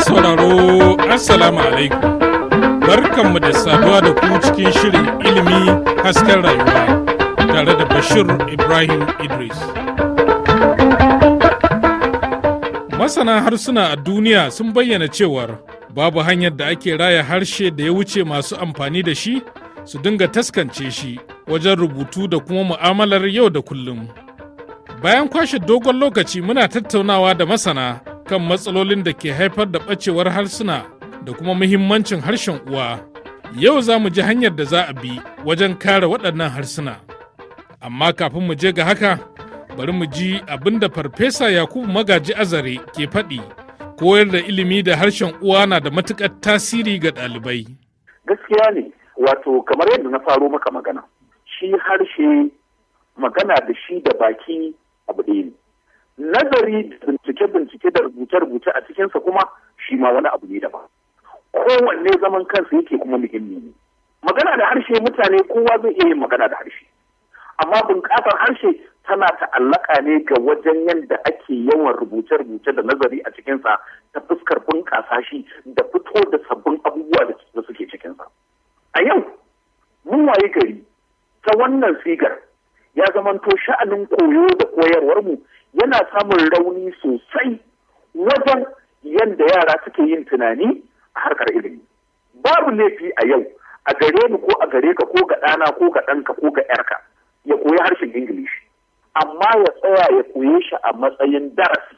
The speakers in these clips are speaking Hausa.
sauraro assalamu alaikum barkanmu da saduwa da ku cikin shirin ilimi hasken rayuwa tare da bashir ibrahim idris masana harsuna a duniya sun bayyana cewar babu hanyar da ake raya harshe da ya wuce masu amfani da shi su dinga taskance shi wajen rubutu da kuma mu'amalar yau da kullum Bayan kwashe dogon lokaci muna tattaunawa da masana kan matsalolin da ke haifar da ɓacewar harsuna da kuma muhimmancin harshen uwa. Yau za mu ji hanyar da za a bi wajen kare waɗannan harsuna. Amma kafin mu je ga haka, bari mu ji abin da Farfesa Yakubu Magaji Azare ke faɗi. Koyar da ilimi da harshen uwa na da matuƙar tasiri ga ɗalibai. Gaskiya ne, wato kamar yadda na faro maka magana. Shi harshe magana da shi da baki abu ɗaya ne nazari bincike-bincike da rubuce-rubuce a cikinsa kuma shi ma wani abu ne daban kowanne zaman kansa yake kuma muhimmi ne magana da harshe mutane kowa zai iya yin magana da harshe amma bunƙasar harshe tana ta'allaka ne ga wajen yadda ake yawan rubuce-rubuce da nazari a cikinsa ta fuskar bunƙasa shi da fito da sabbin abubuwa da suke cikinsa a yau mun waye gari ta wannan sigar ya zamanto sha'anin koyo da koyarwar mu yana samun rauni sosai wajen yadda yara suke yin tunani a harkar ilimi babu laifi a yau a gare mu ko a gare ka ko ga ɗana ko ga ɗanka ko ga ƴarka ya koyi harshen ingilishi amma ya tsaya ya koye shi a matsayin darasi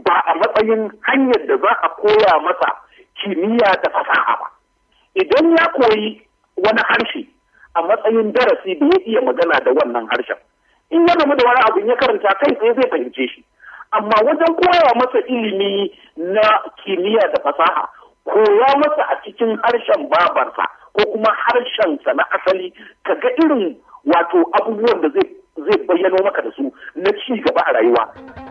ba a matsayin hanyar da za a koya masa kimiyya da fasaha ba idan ya koyi wani harshe a matsayin darasi da ya iya magana da wannan harshen in ya gamu da wani abu ya karanta kai sai zai fahimce shi amma wajen koya masa ilimi na kimiyya da fasaha koya masa a cikin harshen babarsa ko kuma harshen sa na asali ka ga irin wato abubuwan da zai bayyano maka da su na ci gaba a rayuwa.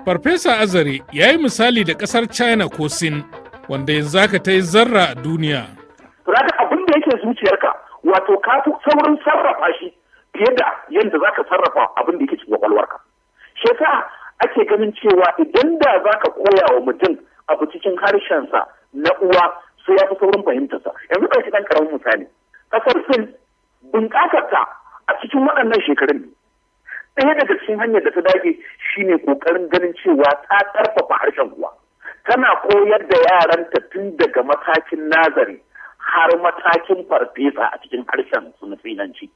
Farfesa Azare ya yi misali da ƙasar China ko Sin wanda yanzu aka ta yi zarra a duniya. Raga abin da yake zuciyarka wato ka fi saurin sarrafa shi fiye da yadda za ka sarrafa abin da yake cikin kwakwalwarka shi yasa ake ganin cewa idan da za ka koya wa mutum abu cikin harshensa na uwa sai ya fi saurin fahimtarsa yanzu ɗauki ɗan karamin misali ƙasar sin bunƙasarta a cikin waɗannan shekarun ɗaya daga cikin hanyar da ta dage shine ƙoƙarin ganin cewa ta ƙarfafa harshen uwa tana koyar da yaranta tun daga matakin nazari har matakin farfesa a cikin harshen su na financi.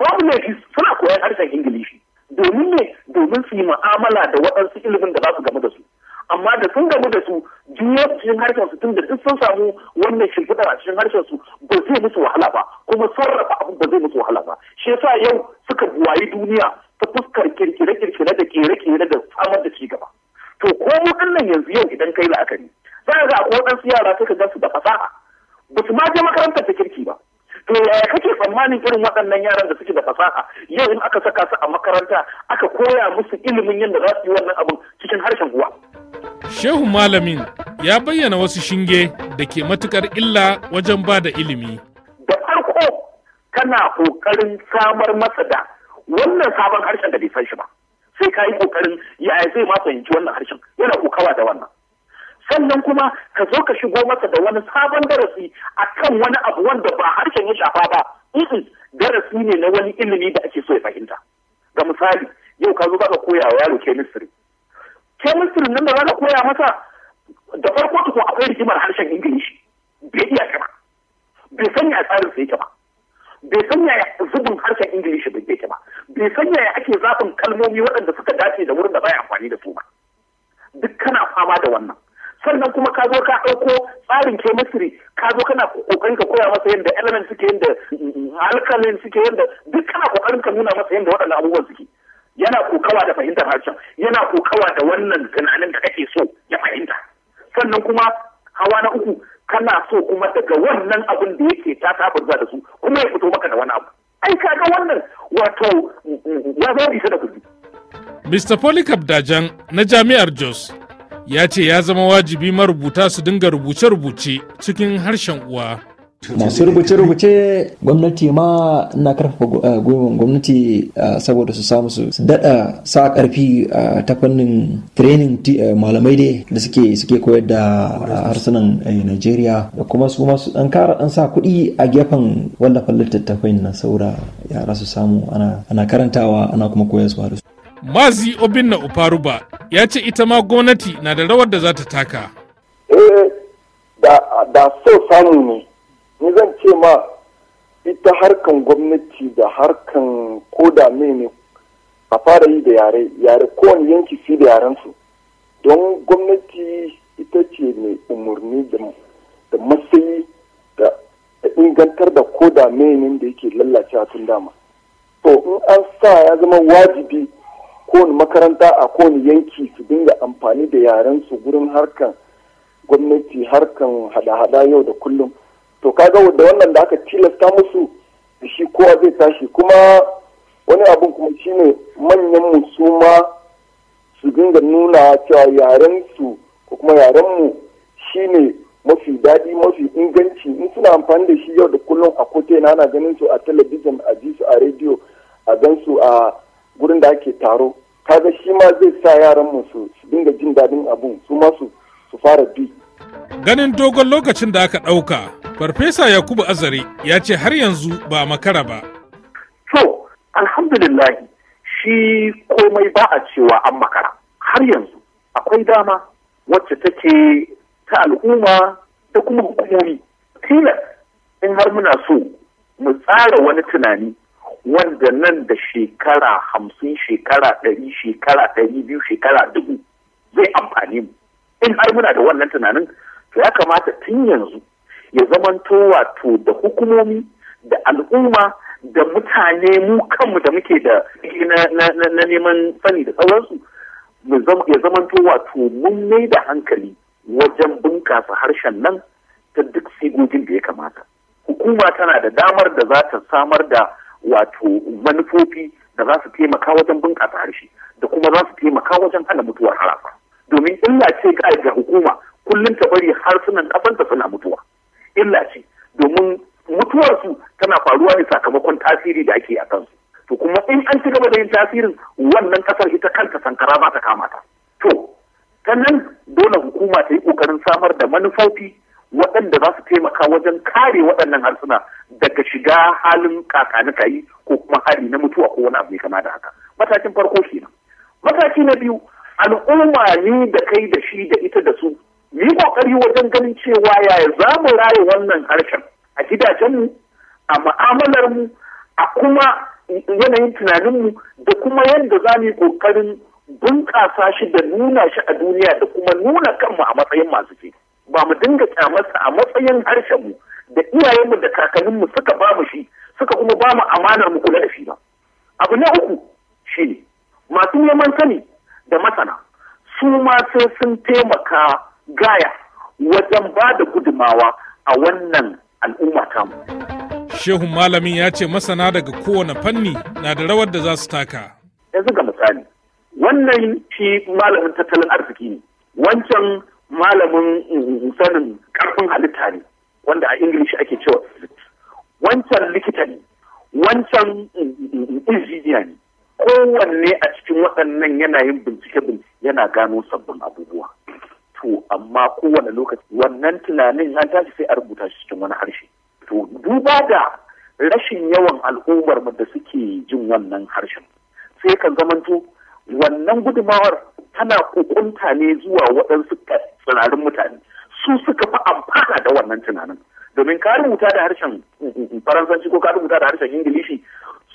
Babu laifi suna koyon harshen Ingilishi domin ne domin su yi mu'amala da waɗansu ilimin da za su gamu da su. Amma da sun gamu da su juya cikin harshen su tun da duk sun samu wannan shimfiɗa a cikin harshen su ba zai musu wahala ba kuma sarrafa abin ba zai musu wahala ba. Shi yasa yau suka buwayi duniya ta fuskar kirkire-kirkire da kere-kere da samar da cigaba. To ko mu yanzu yau idan kai la'akari za a ga akwai waɗansu yara suka gansu da fasaha ba su ma je makarantar ta kirki ba to yaya kake tsammanin irin waɗannan yaran da suke da fasaha yau in aka saka su a makaranta aka koya musu ilimin yadda za su yi wannan abin cikin harshen uwa Shehu Malamin ya bayyana wasu shinge da ke matukar illa wajen ba da ilimi. Da farko kana kokarin samar masa da wannan sabon harshen da bai san shi ba. Sai ka yi kokarin yaya zai ma fahimci wannan harshen yana kokawa da wannan. sannan kuma ka zo ka shigo masa da wani sabon darasi a kan wani abu wanda ba harshen ya shafa ba darasi ne na wani ilimi da ake so ya fahimta ga misali yau ka zo ka koya wa yaro chemistry chemistry nan da za ka koya masa da farko tukun akwai rigimar harshen ingilishi bai iya kama bai sanya tsarin sai ba bai sanya zubin harshen ingilishi bai yake bai sanya ya ake zafin kalmomi waɗanda suka dace da wurin da baya amfani da su ba duk kana fama da wannan sannan kuma ka zo ka ɗauko tsarin chemistry ka zo kana kokarin ka koya masa yadda element suke yadda mm, alkalin suke yadda duk kana kokarin ka nuna masa yadda waɗannan abubuwan suke yana kokawa da fahimtar harshen yana kokawa da wannan tunanin da kake so ya fahimta sannan kuma hawa na uku kana so kuma daga wannan abin da yake ta tabar da su kuma ya fito maka da wani abu ai kaga wannan wato mm, mm, ya zo bisa da kudi Mr. Polycarp Dajan na Jami'ar Jos ya ce ya zama wajibi marubuta su dinga rubuce-rubuce cikin harshen uwa. masu rubuce-rubuce gwamnati ma na karfafa eh, gwiwan gwamnati eh, saboda su samu su daɗa sa karfi eh, ta fannin training malamai dai da suke suke koyar da harsunan Najeriya da kuma su masu ɗan kara ɗan sa kuɗi a gefen wallafa littattafai na saura yara su samu ana karantawa ana kuma koyar su Mazi Obinna Ufaruba ya ce ita ma gwamnati na da rawar da za ta taka. Eh, da so samu ne, ni zan ce ma ita harkan gwamnati da harkan koda mene a fara yi da yare, yare kowane yanki fi da yarensu. Don gwamnati ita ce mai umarni da matsayi da ingantar da koda mene da yake a tun dama. To, in an sa ya zama wajibi kowane makaranta a kowane yanki su dinga amfani da yaren su gurin harkan gwamnati harkan hada-hada yau da kullum to kaga da wannan da aka tilasta musu da shi kowa zai tashi kuma wani abun kuma shine manyan mu su ma su dinga nuna cewa yaren su ko kuma yaren mu shine mafi daɗi mafi inganci in suna amfani da shi yau da kullum a kote na ana ganin su a talabijin a ji su a rediyo a gan su a gurin da ake taro kaga shi ma zai sa yaran mu su dinga jin daɗin abun su ma su fara bi ganin dogon lokacin da aka ɗauka farfesa yakubu azare ya ce har yanzu ba makara ba to alhamdulillahi shi komai ba a cewa an makara har yanzu akwai dama wacce take ta al'umma da kuma hukumomi tilas in har muna so mu tsara wani tunani wanda nan da shekara hamsin shekara ɗari shekara ɗari biyu shekara dubu zai amfani mu in har muna da wannan tunanin to ya kamata tun yanzu ya zamanto wato da hukumomi da al'umma da mutane mu kanmu da muke da na neman sani da sauransu ya zamanto wato mun mai da hankali wajen bunkasa harshen nan ta duk sigogin da ya kamata hukuma tana da damar da za ta samar da wato manufofi da za su taimaka wajen bunƙasa harshe da kuma za su taimaka wajen hana mutuwar harafa domin illa ce ga hukuma kullum ta bari harsunan ƙasanta suna mutuwa illa ce domin mutuwarsu tana faruwa ne sakamakon tasiri da ake a kansu to kuma in an ci gaba da yin tasirin wannan ƙasar ita kanta sankara ba ta kama to ta nan dole hukuma ta yi ƙoƙarin samar da manufofi waɗanda za su taimaka wajen kare waɗannan harsuna daga shiga halin kakanikayi yi ko kuma hari na mutuwa ko wani abu mai kama da haka matakin farko kenan mataki na biyu al'umma ni da kai da shi da ita da su mu yi kokari wajen ganin cewa yaya za mu raye wannan harshen a gidajenmu a mu'amalarmu a kuma yanayin tunaninmu da kuma yadda za mu yi kokarin bunƙasa shi da nuna shi a duniya da kuma nuna kanmu a matsayin masu ce. ba mu dinga kyamarsa a matsayin harshen mu da iyayenmu da kakanninmu suka ba mu shi suka kuma ba mu amanar mu kula da shi ba abu na uku shi ne masu neman sani da masana su ma sai sun taimaka gaya wajen ba da gudumawa a wannan al'umma tamu. Shehun malamin ya ce masana daga kowane fanni na da rawar da za su taka. Yanzu ga misali, wannan shi malamin tattalin arziki ne, wancan malamin sanin karfin halitta ne wanda a ingilishi ake cewa wancan likita ne wancan injiniya ne kowanne a cikin waɗannan yanayin bincike yana gano sabbin abubuwa to amma kowane lokaci wannan tunanin an tashi sai a rubuta shi cikin wani harshe to duba da rashin yawan al'ummar da suke jin wannan harshen sai ka zamanto wannan gudumawar tana kukunta ne zuwa waɗansu tsirarin mutane su suka fi amfana da wannan tunanin domin ka rubuta da harshen mm, mm, mm, faransanci ko ka rubuta da harshen ingilishi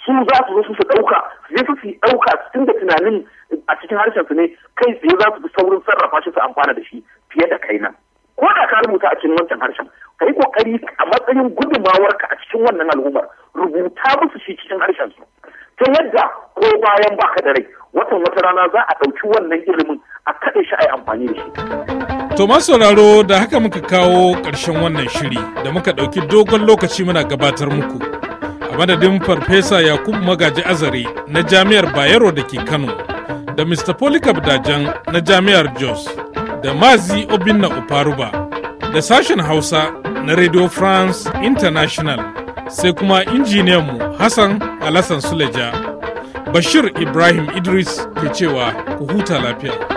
su za su zo su su ɗauka su je su ɗauka tun da tunanin a cikin harshen su ne kai tsaye za su fi saurin sarrafa shi su amfana da shi fiye da kai nan ko da ka rubuta a cikin wancan harshen ka yi kokari a matsayin ka a cikin wannan al'ummar rubuta musu shi cikin harshen su ta yadda ko bayan baka da rai watan wata rana za a ɗauki wannan ilimin kaɗai shi a yi amfani da shi. To ma sauraro da haka muka kawo ƙarshen wannan shiri da muka ɗauki dogon lokaci muna gabatar muku. A madadin Farfesa Yakubu Magaji Azare na Jami'ar Bayero da ke Kano, da Mr. Polycarp Dajan na Jami'ar Jos, da Mazi Obinna Uparuba, da sashen Hausa na Radio France International, sai kuma injiniyanmu Hassan Alassan Suleja. Bashir Ibrahim Idris ke cewa ku huta lafiya.